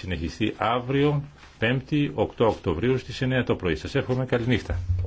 συνεχιστεί αύριο 5η 8 Οκτωβρίου στις 9 το πρωί. Σας εύχομαι Καληνύχτα.